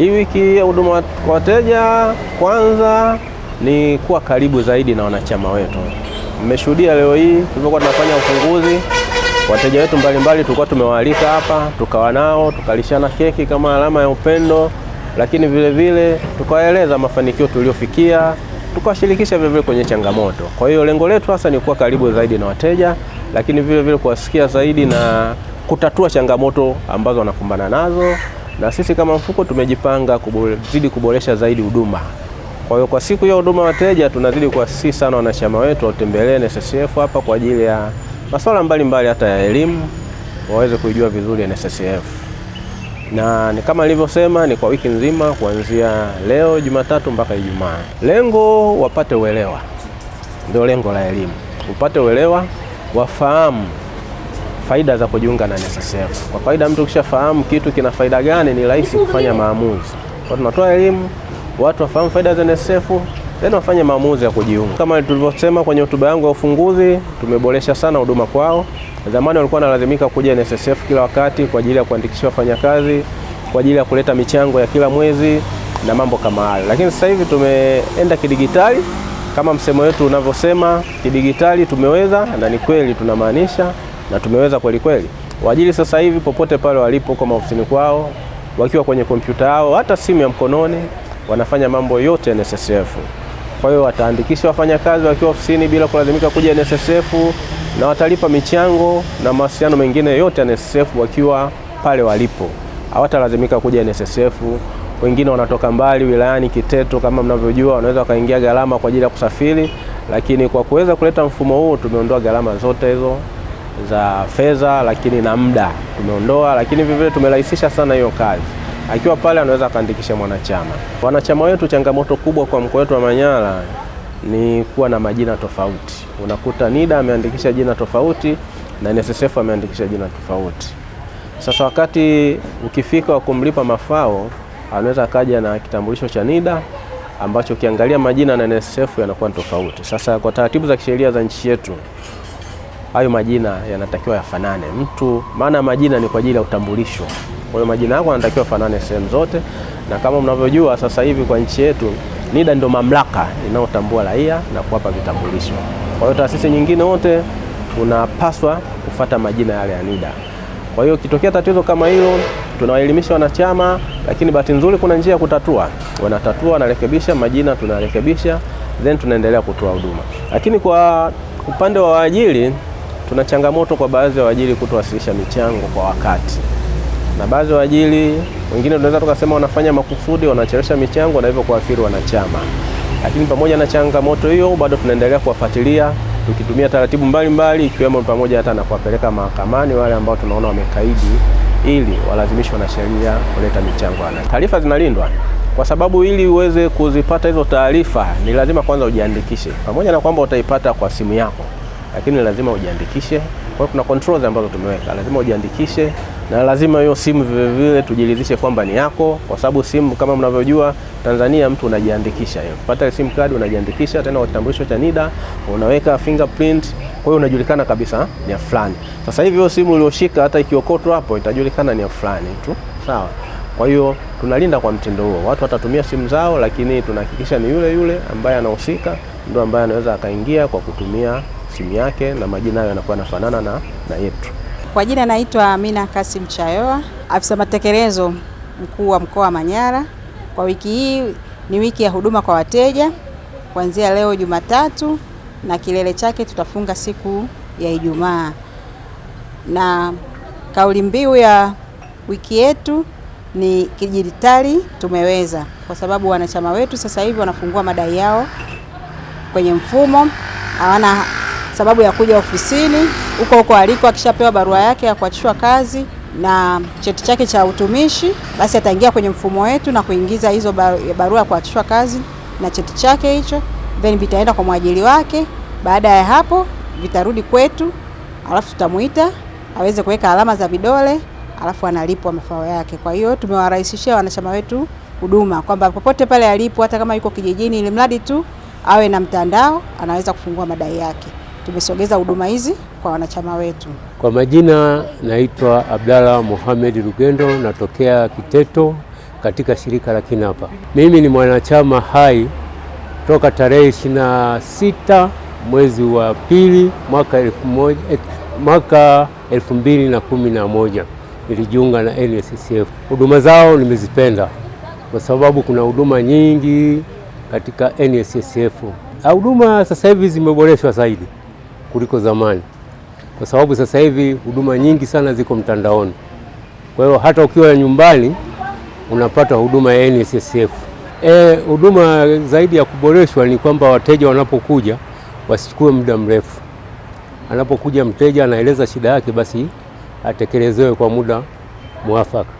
Hii wiki ya huduma kwa wateja kwanza ni kuwa karibu zaidi na wanachama wetu. Mmeshuhudia leo hii tulivyokuwa tunafanya ufunguzi, wateja wetu mbalimbali tulikuwa tumewaalika hapa, tukawa nao tukalishana keki kama alama ya upendo, lakini vile vile tukawaeleza mafanikio tuliofikia, tukawashirikisha vile vile kwenye changamoto. Kwa hiyo lengo letu hasa ni kuwa karibu zaidi na wateja, lakini vile vile kuwasikia zaidi na kutatua changamoto ambazo wanakumbana nazo na sisi kama mfuko tumejipanga kuzidi kuboresha zaidi huduma. Kwa hiyo kwa siku ya huduma wateja tunazidi kuwasihi sana wanachama wetu watembelee NSSF hapa kwa ajili ya masuala mbalimbali hata ya elimu waweze kuijua vizuri NSSF. Na ni kama nilivyosema, ni kwa wiki nzima kuanzia leo Jumatatu mpaka Ijumaa. Lengo wapate uelewa, ndio lengo la elimu, upate uelewa, wafahamu faida za kujiunga na NSSF. Kwa kawaida mtu ukishafahamu kitu kina faida gani, ni rahisi kufanya maamuzi. Kwa tunatoa elimu watu wafahamu faida za NSSF then wafanye maamuzi ya kujiunga. Kama tulivyosema kwenye hotuba yangu ya ufunguzi, tumeboresha sana huduma kwao. Zamani walikuwa wanalazimika kuja NSSF kila wakati kwa ajili ya kuandikisha wafanyakazi, kwa ajili ya kuleta michango ya kila mwezi na mambo kama hayo, lakini sasa hivi tumeenda kidigitali, kama msemo wetu unavyosema, kidigitali tumeweza, na ni kweli tunamaanisha na tumeweza kweli kweli. Waajiri sasa hivi popote pale walipo, kwa maofisini kwao, wakiwa kwenye kompyuta yao, hata simu ya mkononi, wanafanya mambo yote NSSF. Kwa hiyo wataandikisha wafanyakazi wakiwa ofisini bila kulazimika kuja NSSF, na watalipa michango na mahusiano mengine yote NSSF wakiwa pale walipo, hawatalazimika kuja NSSF. Wengine wanatoka mbali wilayani Kiteto, kama mnavyojua, wanaweza wakaingia gharama kwa ajili ya kusafiri, lakini kwa kuweza kuleta mfumo huu tumeondoa gharama zote hizo za fedha, lakini na muda tumeondoa, lakini vivile tumerahisisha sana hiyo kazi. Akiwa pale anaweza akaandikisha mwanachama. Wanachama wetu, changamoto kubwa kwa mkoa wetu wa Manyara ni kuwa na majina tofauti. Unakuta NIDA ameandikisha jina tofauti na NSSF ameandikisha jina tofauti. Sasa wakati ukifika wa kumlipa mafao, anaweza akaja na kitambulisho cha NIDA ambacho ukiangalia majina na NSSF yanakuwa tofauti. Sasa kwa taratibu za kisheria za nchi yetu hayo majina yanatakiwa yafanane mtu, maana majina ni kwa ajili ya utambulisho. Kwa hiyo majina yako yanatakiwa yafanane sehemu zote, na kama mnavyojua sasa hivi kwa nchi yetu NIDA ndio mamlaka inayotambua raia na kuwapa vitambulisho. Kwa hiyo taasisi nyingine wote tunapaswa kufata majina yale ya NIDA. Kwa hiyo kitokea tatizo kama hilo, tunawaelimisha wanachama, lakini bahati nzuri kuna njia ya kutatua. Wanatatua, wanarekebisha majina, tunarekebisha then tunaendelea kutoa huduma, lakini kwa upande wa waajiri Tuna changamoto kwa baadhi ya waajiri kutowasilisha michango kwa wakati, na baadhi ya waajiri wengine tunaweza tukasema wanafanya makusudi, wanachelesha michango na hivyo kuathiri wanachama. Lakini pamoja na changamoto hiyo, bado tunaendelea kuwafuatilia tukitumia taratibu mbalimbali, ikiwemo pamoja hata na kuwapeleka mahakamani wale ambao tunaona wamekaidi, ili walazimishwe na sheria kuleta michango. Taarifa zinalindwa kwa sababu ili uweze kuzipata hizo taarifa ni lazima kwanza ujiandikishe, pamoja na kwamba utaipata kwa simu yako lakini lazima ujiandikishe. Kwa hiyo kuna controls ambazo tumeweka, lazima ujiandikishe na lazima hiyo simu vile vile tujiridhishe kwamba ni yako, kwa sababu simu kama mnavyojua Tanzania, mtu unajiandikisha hiyo pata SIM card, unajiandikisha tena kitambulisho cha NIDA, unaweka fingerprint, kwa hiyo unajulikana kabisa ni fulani. Sasa hivi hiyo simu ulioshika hata ikiokotwa hapo itajulikana ni fulani tu, sawa. Kwa hiyo tunalinda kwa mtindo huo, watu watatumia simu zao, lakini tunahakikisha ni yule yule ambaye anahusika ndio ambaye anaweza akaingia kwa kutumia simu yake na majina hayo yanakuwa yanafanana na, na yetu. Kwa jina naitwa Amina Kasim Chayoa, afisa matekelezo mkuu wa mkoa wa Manyara. Kwa wiki hii ni wiki ya huduma kwa wateja kuanzia leo Jumatatu na kilele chake tutafunga siku ya Ijumaa, na kauli mbiu ya wiki yetu ni kidijitali tumeweza, kwa sababu wanachama wetu sasa hivi wanafungua madai yao kwenye mfumo, hawana sababu ya kuja ofisini. Huko huko aliko, akishapewa barua yake ya kuachishwa kazi na cheti chake cha utumishi, basi ataingia kwenye mfumo wetu na kuingiza hizo barua ya kuachishwa kazi na cheti chake hicho, then vitaenda kwa mwajili wake. Baada ya hapo vitarudi kwetu, alafu tutamuita aweze kuweka alama za vidole alafu analipwa mafao yake. Kwa hiyo tumewarahisishia wanachama wetu huduma kwamba popote pale alipo, hata kama yuko kijijini, ili mradi tu awe na mtandao, anaweza kufungua madai yake. Tumesogeza huduma hizi kwa wanachama wetu. Kwa majina, naitwa Abdalla Mohamed rugendo natokea Kiteto katika shirika la KINAPA. Mimi ni mwanachama hai toka tarehe sita mwezi wa pili mwaka elfu mbili na kumi na moja nilijiunga na NSSF. Huduma zao nimezipenda kwa sababu kuna huduma nyingi katika NSSF. Huduma sasa hivi zimeboreshwa zaidi kuliko zamani, kwa sababu sasa hivi huduma nyingi sana ziko mtandaoni. Kwa hiyo hata ukiwa nyumbani unapata huduma ya NSSF. E, huduma e, zaidi ya kuboreshwa ni kwamba wateja wanapokuja wasichukue muda mrefu. Anapokuja mteja anaeleza shida yake, basi atekelezewe kwa muda mwafaka.